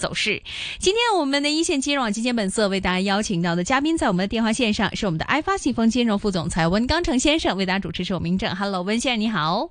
走勢。今天我們的一線金融網金錢本色為大家邀請到的嘉賓，在我們的電話線上是我們的 i 發信豐金融副總裁溫鋼城先生，為大家主持是我們明正。Hello，溫先生你好。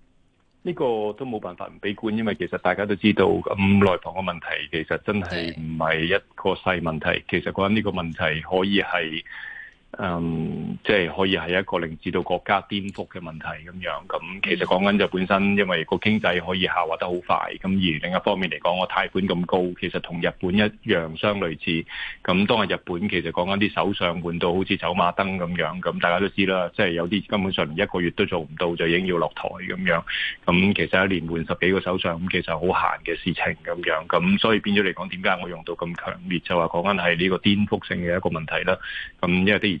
呢個都冇辦法唔悲觀，因為其實大家都知道，咁內房嘅問題其實真係唔係一個細問題。其實覺得呢個問題可以係。嗯，即係可以係一個令至到國家顛覆嘅問題咁樣。咁其實講緊就本身，因為個經濟可以下滑得好快，咁而另一方面嚟講，個貸款咁高，其實同日本一樣相類似。咁當係日，日本，其實講緊啲首相換到好似走馬燈咁樣，咁大家都知啦，即係有啲根本上連一個月都做唔到，就已經要落台咁樣。咁其實一年換十幾個首相，咁其實好閒嘅事情咁樣。咁所以變咗嚟講，點解我用到咁強烈，就話講緊係呢個顛覆性嘅一個問題啦。咁因為啲。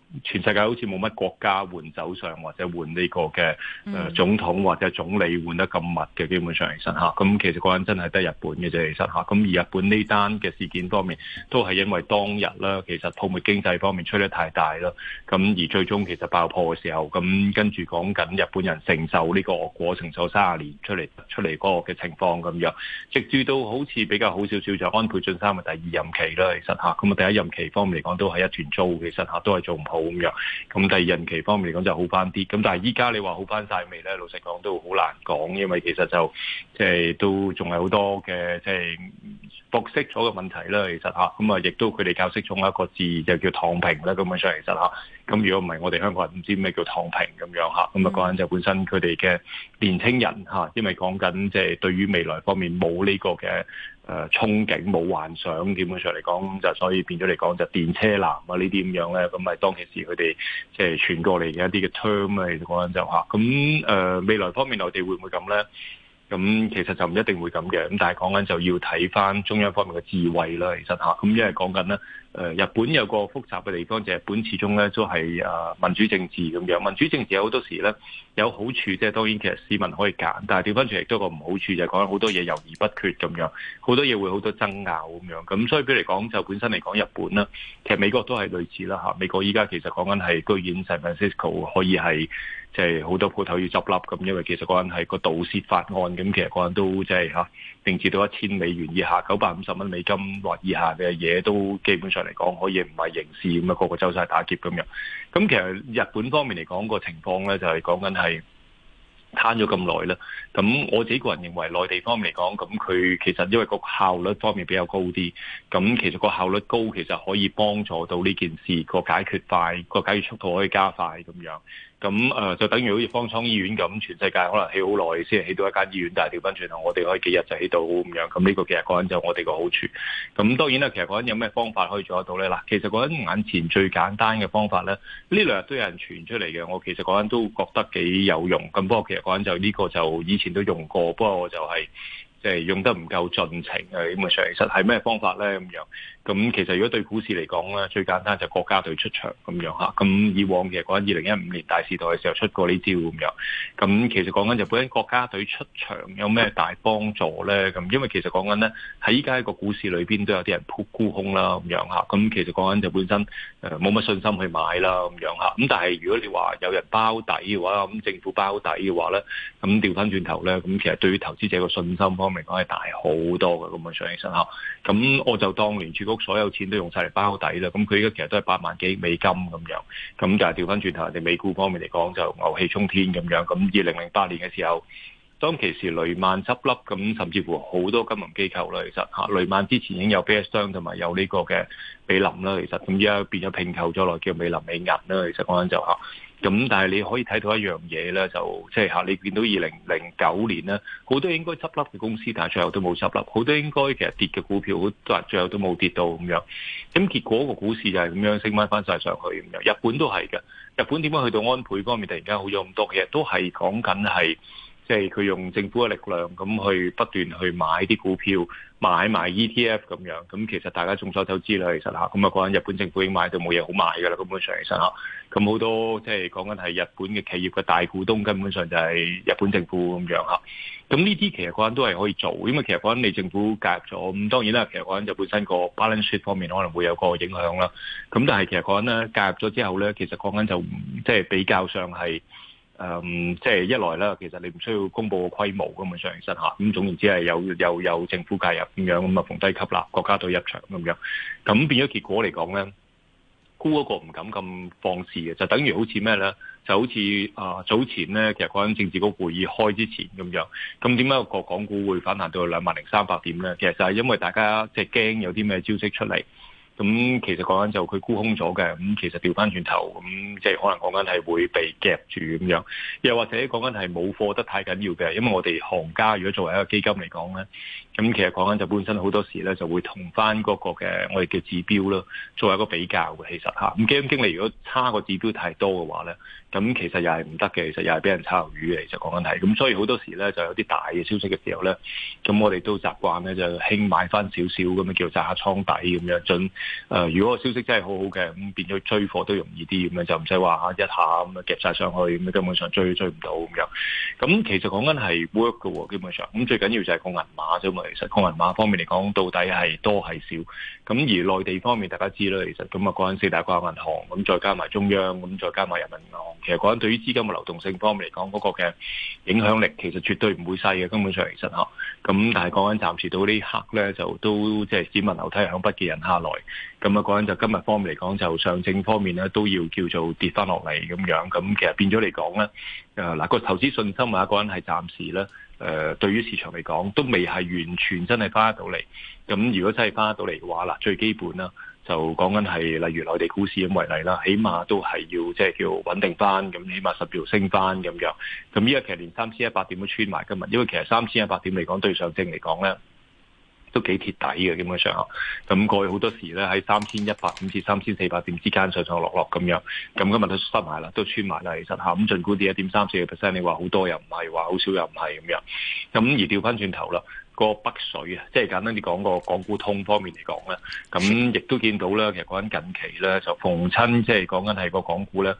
全世界好似冇乜國家換首相或者換呢個嘅誒總統或者總理換得咁密嘅，基本上下其實嚇咁其實嗰陣真係得日本嘅啫，其實嚇咁而日本呢單嘅事件方面，都係因為當日啦，其實泡沫經濟方面吹得太大啦，咁而最終其實爆破嘅時候，咁跟住講緊日本人承受呢個惡果，承受三十年出嚟出嚟嗰個嘅情況咁樣，直至到好似比較好少少就安倍晉三嘅第二任期啦，其實嚇咁啊第一任期方面嚟講都係一團糟。其實嚇都係做唔好。咁、嗯、樣，咁第二任期方面嚟講就好翻啲，咁但係依家你話好翻晒未咧？老實講都好難講，因為其實就即係、就是、都仲係好多嘅即係複息咗嘅問題啦。其實吓，咁啊亦都佢哋教識中一個字，就叫躺平啦。根本上其實吓，咁如果唔係我哋香港人唔知咩叫躺平咁樣吓，咁、那、啊個人就本身佢哋嘅年輕人吓、啊，因為講緊即係對於未來方面冇呢個嘅。誒、呃、憧憬冇幻想，基本上嚟講就所以變咗嚟講就電車男啊呢啲咁樣咧，咁咪當其時佢哋即係傳過嚟嘅一啲嘅 term 咪講緊就嚇咁誒未來方面內地會唔會咁咧？咁其實就唔一定會咁嘅，咁但係講緊就要睇翻中央方面嘅智慧啦，其實吓，咁、啊、因為講緊咧。誒日本有個複雜嘅地方，就係日本始終咧都係誒民主政治咁樣。民主政治有好多時咧有好處，即係當然其實市民可以揀，但係掉返轉亦都有個唔好處，就係講好多嘢猶豫不決咁樣，好多嘢會好多爭拗咁樣。咁所以譬如講，就本身嚟講日本啦，其實美國都係類似啦嚇。美國依家其實講緊係居然 San Francisco 可以係即係好多鋪頭要執笠咁，因為其實講緊係個盜竊法案咁，咁其實講緊都即係吓定至到一千美元以下、九百五十蚊美金或以下嘅嘢都基本上嚟講可以唔係刑事咁樣，個個周晒打劫咁樣。咁其實日本方面嚟講個情況咧，就係講緊係攤咗咁耐啦。咁我自己個人認為，內地方面嚟講，咁佢其實因為個效率方面比較高啲，咁其實個效率高，其實可以幫助到呢件事個解決快，個解決速度可以加快咁樣。咁誒就等於好似方艙醫院咁，全世界可能起好耐先起到一間醫院，但係調翻轉頭，我哋可以幾日就起到咁樣。咁呢個其實講緊就我哋個好處。咁當然啦，其實講緊有咩方法可以做得到咧？嗱，其實講緊眼前最簡單嘅方法咧，呢兩日都有人傳出嚟嘅。我其實講緊都覺得幾有用。咁不過其實講緊就呢、這個就以前都用過，不過我就係即係用得唔夠盡情咁咪上。其實係咩方法咧？咁樣？咁其實如果對股市嚟講咧，最簡單就國家隊出場咁樣。咁以往嘅講緊二零一五年大時代嘅時候出過呢招咁樣。咁其實講緊日本國家隊出場有咩大幫助咧？咁因為其實講緊咧，喺依家個股市裏邊都有啲人沽空啦咁樣。咁其實講緊就本身誒冇乜信心去買啦咁樣。咁但係如果你話有人包底嘅話，咁政府包底嘅話咧，咁調翻轉頭咧，咁其實對於投資者個信心方面講係大好多嘅咁想上升嚇。咁我就當年。所有錢都用晒嚟包底啦，咁佢依家其實都係八萬幾美金咁樣，咁就係調翻轉頭，人哋美股方面嚟講就牛氣沖天咁樣，咁二零零八年嘅時候，當其時雷曼執笠，咁甚至乎好多金融機構啦，其實嚇雷曼之前已經有 Bear Stearns 同埋有呢個嘅美林啦，其實咁而家變咗併購咗落叫美林美銀啦，其實講緊就嚇。咁但係你可以睇到一樣嘢咧，就即係吓你見到二零零九年咧，好多應該執笠嘅公司，但最後都冇執笠，好多應該其實跌嘅股票，都話最後都冇跌到咁樣。咁結果個股市就係咁樣升翻翻晒上去咁樣。日本都係嘅，日本點解去到安倍方面突然間好咗咁多？其實都係講緊係。即係佢用政府嘅力量咁去不斷去買啲股票，買埋 ETF 咁樣。咁其實大家眾所周知啦，其實嚇咁啊講緊日本政府已經買到冇嘢好買㗎啦。根本上其實嚇咁好多，即係講緊係日本嘅企業嘅大股東，根本上就係日本政府咁樣嚇。咁呢啲其實講緊都係可以做，因為其實講緊你政府介入咗，咁當然啦。其實講緊就本身個 balance sheet 方面可能會有個影響啦。咁但係其實講緊咧介入咗之後咧，其實講緊就即係比較上係。誒、嗯，即係一來呢，其實你唔需要公布個規模咁嘅上昇吓，咁總言之係有又有，有政府介入咁樣，咁啊逢低吸納，國家隊入場咁樣，咁變咗結果嚟講咧，估嗰個唔敢咁放肆嘅，就等於好似咩咧，就好似啊早前咧，其實嗰陣政治局會議開之前咁樣，咁點解個港股會反彈到兩萬零三百點咧？其實就係因為大家即係驚有啲咩招式出嚟。咁其實講緊就佢沽空咗嘅，咁其實掉翻轉頭，咁即係可能講緊係會被夾住咁樣，又或者講緊係冇貨得太緊要嘅，因為我哋行家如果作為一個基金嚟講咧。咁其實講緊就本身好多時咧就會同翻嗰個嘅我哋嘅指標啦，作為一個比較嘅其實嚇。咁基金經理如果差個指標太多嘅話咧，咁其實又係唔得嘅。其實又係俾人炒魷魚嘅。其實講緊係，咁所以好多時咧就有啲大嘅消息嘅時候咧，咁我哋都習慣咧就輕買翻少少咁樣叫揸下倉底咁樣，準誒、呃。如果個消息真係好好嘅，咁變咗追貨都容易啲，咁樣就唔使話嚇一下咁樣夾晒上去，咁樣根本上追都追唔到咁樣。咁其實講緊係 work 嘅喎，基本上。咁最緊要就係個銀碼啫嘛。其實個人碼方面嚟講，到底係多係少？咁而內地方面，大家知啦。其實咁啊，講緊四大國有銀行，咁再加埋中央，咁再加埋人民銀行。其實講緊對於資金嘅流動性方面嚟講，嗰、那個嘅影響力其實絕對唔會細嘅。根本上其實吓，咁但係講緊暫時到呢一刻咧，就都即係、就是、市民樓梯響不計人下來。咁啊，講緊就今日方面嚟講，就上證方面咧，都要叫做跌翻落嚟咁樣。咁其實變咗嚟講咧，嗱、那個投資信心啊，個人係暫時咧。誒、呃、對於市場嚟講，都未係完全真係翻得到嚟。咁如果真係翻得到嚟嘅話啦，最基本啦，就講緊係例如內地股市咁為例啦，起碼都係要即係叫穩定翻，咁起碼十條升翻咁樣。咁依家其實連三千一百點都穿埋今日，因為其實三千一百點嚟講，對上證嚟講咧，都幾貼底嘅，基本上咁，過去好多時咧，喺三千一百五至三千四百點之間上上落落咁樣，咁今日都塞埋啦，都穿埋啦，其實嚇，咁儘管跌一點三四個 percent，你話好多又唔係，話好少又唔係咁樣。咁而調翻轉頭啦，個北水啊，即係簡單啲講個港股通方面嚟講咧，咁亦都見到咧，其實講緊近期咧就逢親，即係講緊係個港股咧，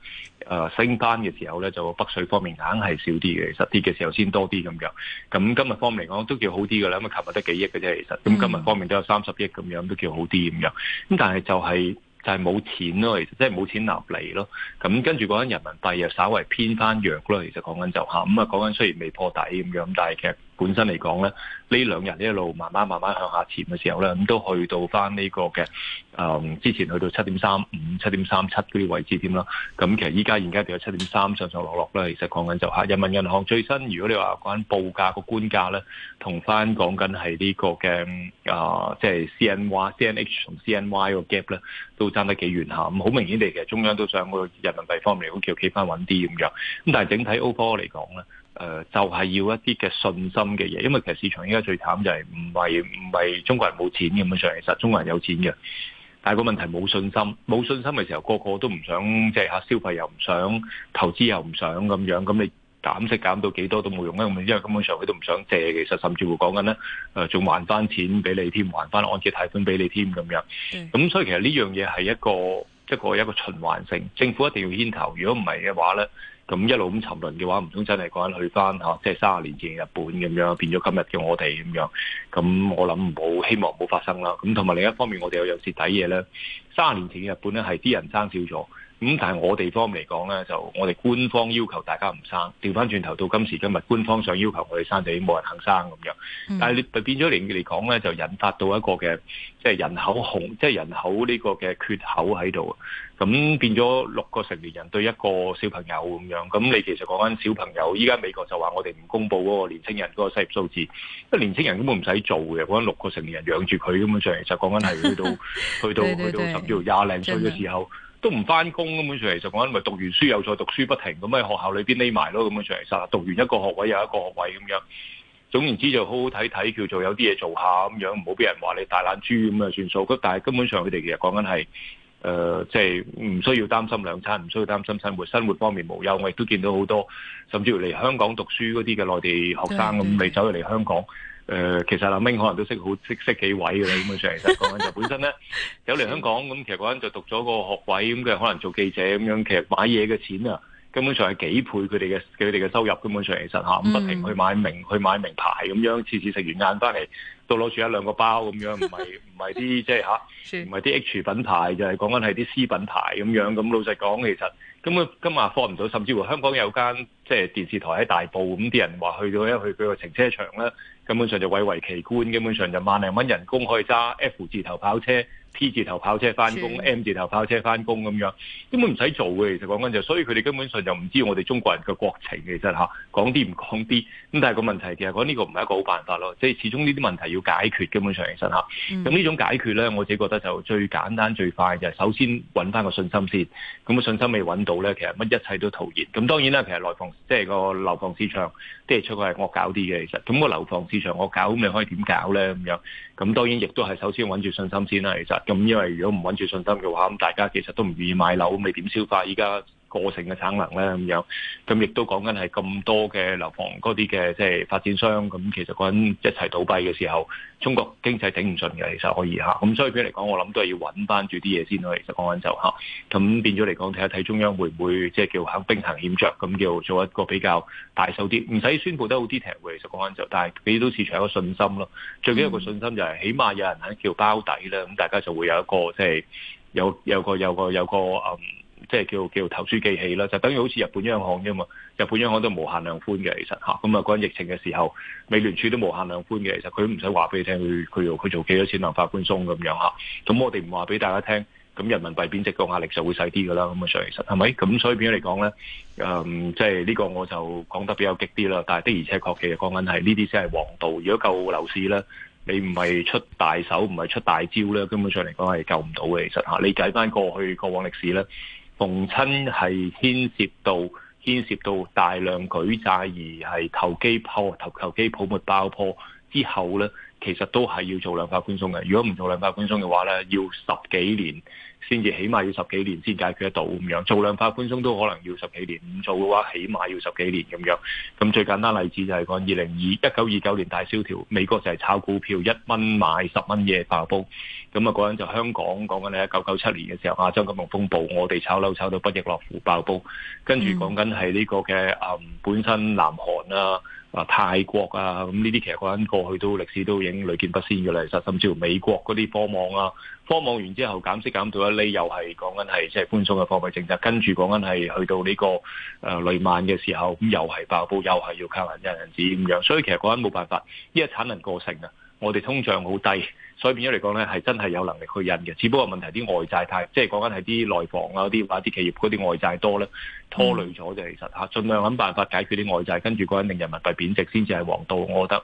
誒升翻嘅時候咧，就北水方面硬係少啲嘅，實跌嘅時候先多啲咁樣。咁今日方面嚟講都叫好啲嘅啦，因為琴日得幾億嘅啫，其實咁今日方面都有三十億咁樣都叫好啲咁樣。咁但係就係、是。就係、是、冇錢咯，其實即係冇錢納利咯。咁跟住嗰緊人民幣又稍為偏翻弱咯，其實講緊就嚇，咁啊講緊雖然未破底咁樣大，但係其實。本身嚟講咧，呢兩日呢一路慢慢慢慢向下潛嘅時候咧，咁都去到翻、這、呢個嘅誒之前去到七點三五、七點三七嗰啲位置添啦。咁其實依家而家就有七點三上上落落啦。其實講緊就係人民銀行最新，如果你話講緊報價，價呢個官價咧，同翻講緊係呢個嘅啊，即係 CNY、CNH 同 CNY 個 gap 咧，都爭得幾遠吓，咁好明顯地，其實中央都想個人民幣方面嚟講叫企翻穩啲咁樣。咁但係整體 o 波嚟講咧。誒、呃，就係、是、要一啲嘅信心嘅嘢，因為其實市場依家最慘就係唔係唔係中國人冇錢基本上，其實中國人有錢嘅，但係個問題冇信心，冇信心嘅時候個個都唔想即係吓消費，又唔想投資，又唔想咁樣，咁你減息減到幾多都冇用啦，因為根本上佢都唔想借，其實甚至乎講緊咧，誒仲還翻錢俾你添，還翻按揭貸款俾你添咁樣，咁所以其實呢樣嘢係一個一個一個，一個循環性，政府一定要牽頭，如果唔係嘅話咧。咁一路咁沉淪嘅話，唔通真係講去翻吓，即係卅年前日本咁樣變咗今日嘅我哋咁樣。咁我諗唔好希望冇發生啦。咁同埋另一方面我，我哋又有蝕底嘢咧。卅年前嘅日本咧，係啲人生少咗。咁但係我哋方面嚟講咧，就我哋官方要求大家唔生。調翻轉頭到今時今日，官方想要求我哋生，就已經冇人肯生咁樣。但係你變咗年紀嚟講咧，就引發到一個嘅即係人口紅即係、就是、人口呢個嘅缺口喺度。咁變咗六個成年人對一個小朋友咁樣。咁你其實講緊小朋友，依家美國就話我哋唔公佈嗰個年青人嗰個失業數字，因為年青人根本唔使做嘅，緊、那個、六個成年人養住佢咁樣上其實就講緊係去到 去到去到十條廿零歲嘅時候。都唔翻工，根本上嚟就講緊咪讀完書又再讀書，不停咁樣喺學校裏邊匿埋咯，咁樣上嚟曬，讀完一個學位又一個學位咁樣。總言之就好好睇睇，叫做有啲嘢做下咁樣，唔好俾人話你大懶豬咁啊算數。咁但係根本上佢哋其實講緊係誒，即係唔需要擔心兩餐，唔需要擔心生活，生活方面無憂。我亦都見到好多甚至乎嚟香港讀書嗰啲嘅內地學生，咁你走入嚟香港。誒、呃，其實阿明可能都識好識識幾位嘅，基本上、就是、 本其實講緊就本身咧有嚟香港咁，其實嗰陣就讀咗個學位咁，佢可能做記者咁樣，其實買嘢嘅錢啊，根本上係幾倍佢哋嘅佢哋嘅收入，根本上其實吓，咁不停去買名去買名牌咁樣，次次食完晏翻嚟都攞住一兩個包咁樣，唔係。 唔係啲即係唔係啲 H 品牌，就係講緊係啲 C 品牌咁樣。咁老實講，其實根本今日放唔到，甚至乎香港有間即係電視台喺大埔，咁啲人話去到一去佢個停車場咧，根本上就蔚為奇觀，根本上就萬零蚊人工可以揸 F 字頭跑車、P 字頭跑車翻工、M 字頭跑車翻工咁樣，根本唔使做嘅。其實講緊就，所以佢哋根本上就唔知我哋中國人嘅國情。其實嚇講啲唔講啲，咁但係個問題嘅、就是，講、這、呢個唔係一個好辦法咯。即、就、係、是、始終呢啲問題要解決，根本上其實咁呢種解決咧，我自己覺得就最簡單最快就係首先揾翻個信心先。咁、那、啊、個、信心未揾到咧，其實乜一切都徒然。咁當然啦，其實內房即係個樓房市場，即係出個係惡搞啲嘅。其實咁、那個樓房市場惡搞，咁你可以點搞咧咁樣？咁當然亦都係首先穩住信心先啦。其實咁因為如果唔穩住信心嘅話，咁大家其實都唔願意買樓，未點消化依家？個性嘅產能咧咁樣，咁亦都講緊係咁多嘅樓房嗰啲嘅即係發展商，咁其實講緊一齊倒閉嘅時候，中國經濟頂唔順嘅，其實可以嚇。咁所以嚟講，我諗都係要揾翻住啲嘢先咯。其實講緊就嚇，咁變咗嚟講睇下，睇中央會唔會即係、就是、叫行兵行險著咁叫做一個比較大手啲，唔使宣佈得好 detail 嘅。其實講緊就，但係俾到市場一個信心咯。最緊要個信心就係、是嗯、起碼有人肯叫包底啦，咁大家就會有一個即係、就是、有有個有個有個,有個嗯。即係叫叫投鼠忌器啦，就等於好似日本央行啫嘛，日本央行都無限量寬嘅，其實嚇。咁啊講緊、嗰陣、疫情嘅時候，美聯儲都無限量寬嘅，其實佢唔使話俾你聽，佢佢做佢做幾多錢量化寬鬆咁樣嚇。咁、啊、我哋唔話俾大家聽，咁人民幣貶值個壓力就會細啲噶啦。咁啊上，其實係咪？咁所以變咗嚟講咧，誒、嗯，即係呢個我就講得比較激啲啦。但係的而且確是的是，其實講緊係呢啲先係王道。如果救樓市咧，你唔係出大手，唔係出大招咧，根本上嚟講係救唔到嘅。其實嚇、啊，你計翻過去過往歷史咧。逢親係牽涉到牽涉到大量舉債，而係投機破投投機泡沫爆破之後呢，其實都係要做量化寬鬆嘅。如果唔做量化寬鬆嘅話呢，要十幾年先至，起碼要十幾年先解決得到咁樣。做量化寬鬆都可能要十幾年，唔做嘅話起碼要十幾年咁樣。咁最簡單例子就係講二零二一九二九年大蕭條，美國就係炒股票一蚊買十蚊嘢爆煲。咁啊，嗰陣就香港講緊你一九九七年嘅時候啊，亞洲金融風暴，我哋炒樓炒到不亦樂乎爆煲，跟住講緊係呢個嘅誒本身南韓啊，啊泰國啊咁呢啲，其實嗰陣過去都歷史都已經屢見不鮮嘅啦。其實甚至美國嗰啲科網啊，科網完之後減息減到一厘，又係講緊係即係寬鬆嘅貨幣政策，跟住講緊係去到呢個誒雷曼嘅時候，咁又係爆煲，又係要靠人一人治咁樣。所以其實嗰陣冇辦法，呢個產能過剩啊。我哋通脹好低，所以變咗嚟講咧，係真係有能力去印嘅。只不過問題啲外債太，即係講緊係啲內房啊啲，或者啲企業嗰啲外債多咧，拖累咗啫。其實嚇，儘量諗辦法解決啲外債，跟住嗰陣令人民幣貶值先至係王道，我覺得。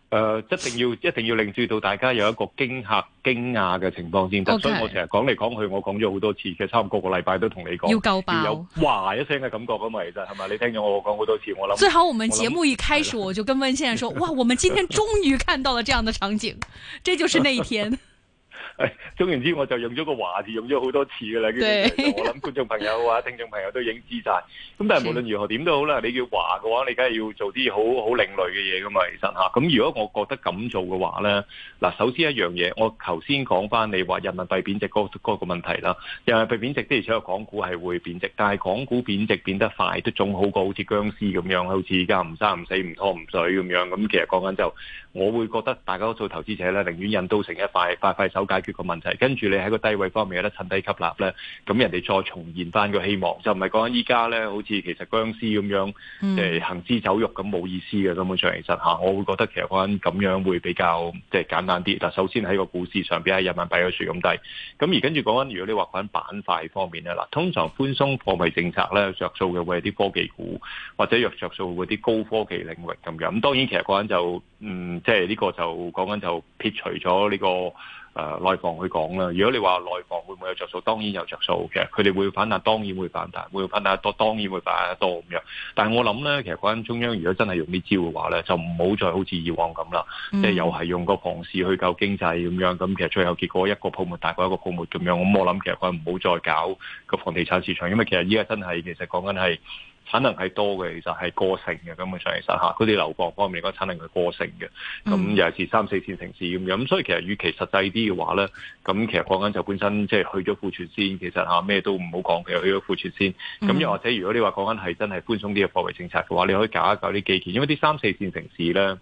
呃，一定要一定要令住到大家有一個驚嚇、驚訝嘅情況先得，所以我成日講嚟講去，我講咗好多次，其實差唔多個禮拜都同你講，要夠吧，要有嘩一聲嘅感覺咁啊！其實係咪？你聽咗我講好多次，我諗最好我們節目一開始我，我就跟溫先生說：哇，我們今天終於看到了這樣的場景， 這就是那一天。 誒，總言之我就用咗個華字用咗好多次噶啦，我諗觀眾朋友啊、 聽眾朋友都已經知晒。咁但係無論如何點都好啦，你叫華嘅話，你梗係要做啲好好另類嘅嘢噶嘛，其實嚇。咁如果我覺得咁做嘅話咧，嗱，首先一樣嘢，我頭先講翻你話人民幣貶值嗰嗰個問題啦，人民幣貶值的而且確港股係會貶值，但係港股貶值變得快，都仲好過好似僵屍咁樣，好似而家唔生唔死唔拖唔水咁樣。咁其實講緊就，我會覺得大家做投資者咧，寧願人都成一塊快快手解決。個問題，跟住你喺個低位方面有得趁低吸納咧，咁人哋再重現翻個希望，就唔係講緊依家咧，好似其實僵屍咁樣誒、嗯、行屍走肉咁冇意思嘅。根本上其實吓，我會覺得其實講緊咁樣會比較即係簡單啲。嗱，首先喺個股市上邊係人民幣嗰處咁低，咁而跟住講緊，如果你話講板塊方面咧，嗱，通常寬鬆貨幣政策咧着數嘅會係啲科技股或者若着數嗰啲高科技領域咁樣。咁當然，其實講緊就嗯，即係呢個就講緊就撇除咗呢、呢個。誒、呃、內房去講啦，如果你話內房會唔會有着數，當然有着數嘅，佢哋會反彈，當然會反彈，會反彈得多，當然會反彈得多咁樣。但係我諗咧，其實講緊中央如果真係用呢招嘅話咧，就唔好再好似以往咁啦、嗯，即係又係用個房市去救經濟咁樣。咁其實最後結果一個泡沫大過一個泡沫咁樣。咁、嗯、我諗其實佢唔好再搞個房地產市場，因為其實依家真係其實講緊係。產能係多嘅，其實係過剩嘅。根本上其實嚇，佢哋樓房方面嗰個產能係過剩嘅。咁又係似三四線城市咁樣。咁所以其實與其實際啲嘅話咧，咁其實講緊就本身即係去咗庫存先。其實嚇咩都唔好講，其實去咗庫存先。咁又或者如果你話講緊係真係寬鬆啲嘅貨幣政策嘅話，你可以搞一搞啲基建，因為啲三四線城市咧。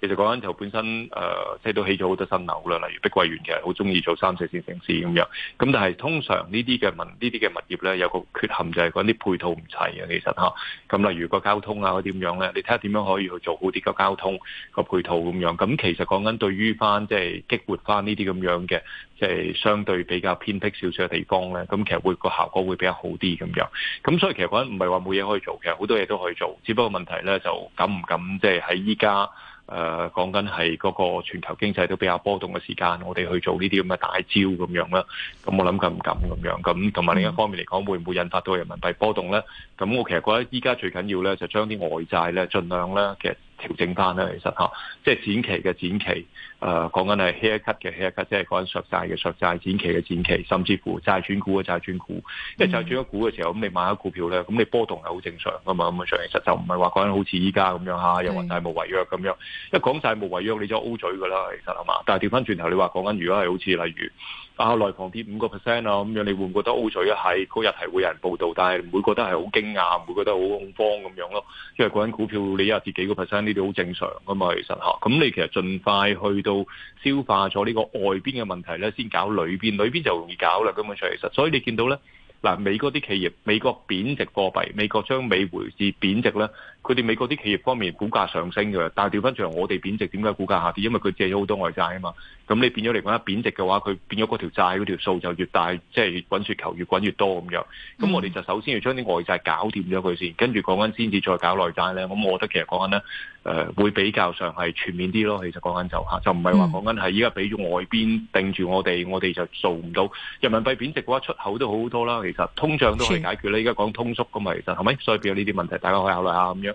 其實講緊就本身誒，即、呃、係都起咗好多新樓啦。例如碧桂園其實好中意做三四線城市咁樣。咁但係通常呢啲嘅物呢啲嘅物業咧，有個缺陷就係嗰啲配套唔齊嘅。其實吓咁、啊，例如個交通啊嗰啲咁樣咧，你睇下點樣可以去做好啲個交通個配套咁樣。咁其實講緊對於翻即係激活翻呢啲咁樣嘅，即係相對比較偏僻少少嘅地方咧，咁其實會個效果會比較好啲咁樣。咁所以其實講緊唔係話冇嘢可以做，嘅，好多嘢都可以做，只不過問題咧就敢唔敢即係喺依家。誒講緊係嗰個全球經濟都比較波動嘅時間，我哋去做呢啲咁嘅大招咁樣啦。咁我諗緊唔敢咁樣。咁同埋另一方面嚟講，會唔會引發到人民幣波動咧？咁我其實覺得依家最緊要咧，就將、是、啲外債咧，盡量咧嘅。其實調整翻啦，其實即係、啊就是、展期嘅展期，講緊係 hair cut 嘅 hair cut，即係講緊削債嘅削債，削債的展期嘅展期，甚至乎債轉股嘅債轉股，因為債轉咗股嘅時候，咁你買咗股票咧，咁你波動係好正常噶嘛，咁啊，其實就唔係話講緊好似依家咁樣嚇，又話債務違約咁樣，一講債務違約，你就 O 嘴噶啦，其實係嘛？但係調翻轉頭，你話講緊如果係好似例如。啊，內房跌五個 percent 啊，咁樣你會唔會覺得好水啊？係嗰日係會有人報道，但係唔會覺得係好驚訝，唔會覺得好恐慌咁樣咯。因為嗰陣股票你又跌幾個 percent，呢啲好正常噶嘛，其實吓，咁你其實盡快去到消化咗呢個外邊嘅問題咧，先搞裏邊，裏邊就容易搞啦。根本上其實，所以你見到咧，嗱，美國啲企業，美國貶值貨幣，美國將美匯至貶值咧，佢哋美國啲企業方面股價上升㗎，但係調翻轉嚟，我哋貶值點解股價下跌？因為佢借咗好多外債啊嘛。咁你變咗嚟講，貶值嘅話，佢變咗嗰條債嗰條數就越大，即係滾雪球越滾越多咁樣。咁我哋就首先要將啲外債搞掂咗佢先，跟住講緊先至再搞內債咧。咁我覺得其實講緊咧，誒、呃、會比較上係全面啲咯。其實講緊就吓，就唔係話講緊係依家俾咗外邊定住我哋，我哋就做唔到。人民幣貶值嘅話，出口都好好多啦。其實通脹都可以解決咧。依家講通縮㗎嘛，其實係咪？所以變咗呢啲問題，大家可以考慮下咁樣。